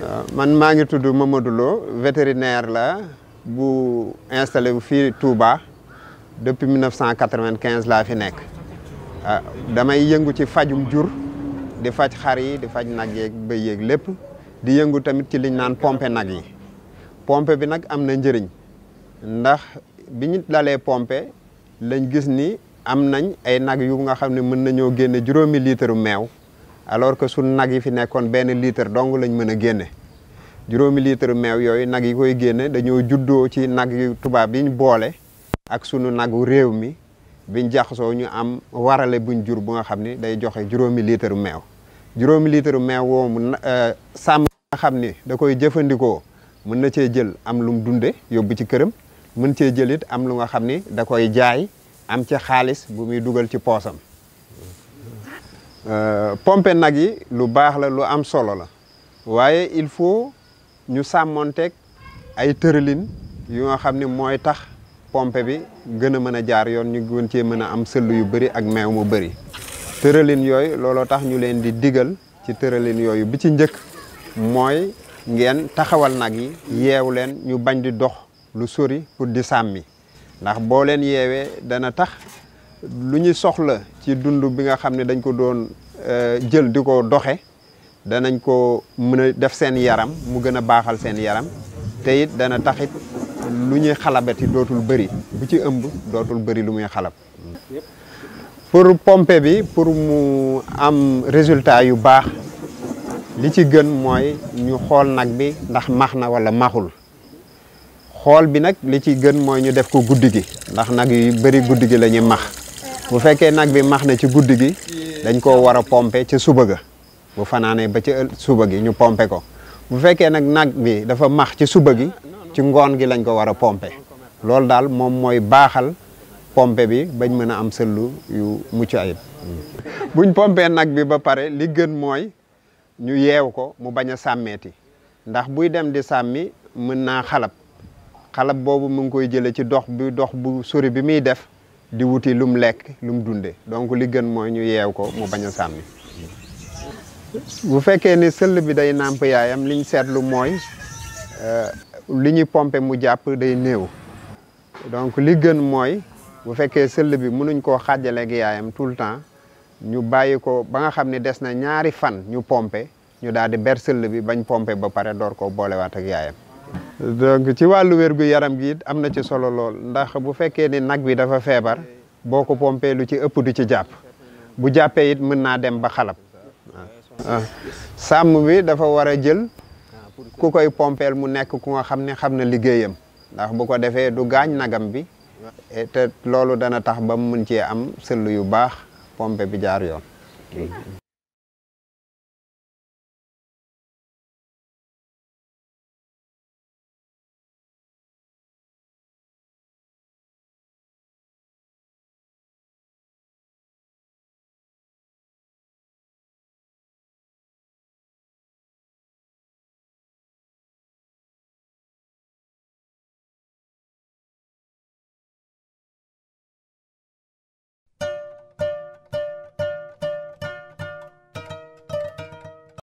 Ah, man maa ngi tudd Mamadou vétérinaire la bu installé wu fii Touba depuis 1995 laa fi nekk a ah, damay yëngu ci fajum jur di faj xar yi di faj nag yeeg bëy yeeg lépp di yëngu tamit ci liñ naan pompe nag yi pompe bi nag am na njëriñ ndax bi ñu dalee pompe lañ gis ni am nañ ay nag yu nga xam ne mën nañoo génne juróomi litre meew alors que su nag yi fi nekkoon benn litre dong lañ mën a génne juróomi litre meew yooyu nag yi koy génne dañoo juddoo ci nag yu tubaab yi ñu boole ak sunu nagu réew mi biñ jaxasoo ñu am warale buñ jur bu nga xam ni day joxe juróomi litre meew juróomi litre meew woomu euh, sàmm nga xam ni da koy jëfandikoo mën na cee jël am lum dunde yóbbu ci këram mën cee jël it am lu nga xam ni da koy jaay am ci xaalis bu muy dugal ci poosam Euh, pompe nag yi lu baax la lu am solo la waaye il faut ñu sàmmonteeg ay tëralin yu xam ne mooy tax pompe bi gën a mën a jaar yoon ñu gën cee mën a am sëll yu bëri ak meew mu bëri tëralin yooyu looloo tax ñu leen di digal ci tëralin yooyu bi ci njëkk mooy ngeen taxawal nag yi yeew leen ñu bañ di dox lu sori pour di sàmmi ndax boo leen yeewee dana tax lu ñu soxla ci dund bi nga xam ne dañ ko doon euh, jël di ko doxe danañ ko mën a def seen yaram mu gën a baaxal seen yaram te it dana taxit lu ñuy xalabati dootul bari bu ci ëmb dootul bari lu muy xalab pour pompe bi pour mu am résultat yu baax li ci gën mooy ñu xool nag bi ndax max na walla maxul xool bi nag li ci gën mooy ñu def ko guddi gi ndax nag yu bëri guddi gi lañuy max bu fekkee nag bi max na ci guddi gi dañ koo war a pomper ca suba ga bu fanaanee ba ca suba gi ñu pompe ko bu fekkee nag nag bi dafa max ci suba gi ci ngoon gi lañ ko war a pomper loolu daal moom mooy baaxal pompe bi bañ mën a am sëllu yu mucc ayib buñ pompee nag bi ba pare li gën mooy ñu yeew ko mu bañ a sàmmeeti ndax buy dem di sàmmi mën naa xalab xalab boobu mu ngi koy jële ci dox bi dox bu sori bi muy def di wuti lu mu lekk lu mu dundee donc li gën mooy ñu yeew ko mu bañ a sàmmi bu fekkee ni sëll bi day nàmp yaayam li ñu seetlu mooy euh, li ñuy pompe mu jàpp day néew donc li gën mooy bu fekkee sëll bi mënuñ koo xaajaleeg yaayam tout le temps ñu bàyyi ko ba nga xam ne des na ñaari fan ñu pompe ñu daal di ber sëll bi bañ pompe ba pare door koo boolewaat ak yaayam donc ci wàllu wér-gu-yaram gi am na ci solo lool ndax bu fekkee ni nag bi dafa feebar boo ko pompee lu ci ëpp du ci jàpp bu jàppee it mën naa dem ba xalab ah. Ah. sàmm bi dafa war a jël ku koy pompeel mu nekk ku nga xam ni xam na liggéeyam ndax bu ko defee du gaañ nagam bi te loolu dana tax ba mu mën cee am sëll yu baax pompe bi jaar yoon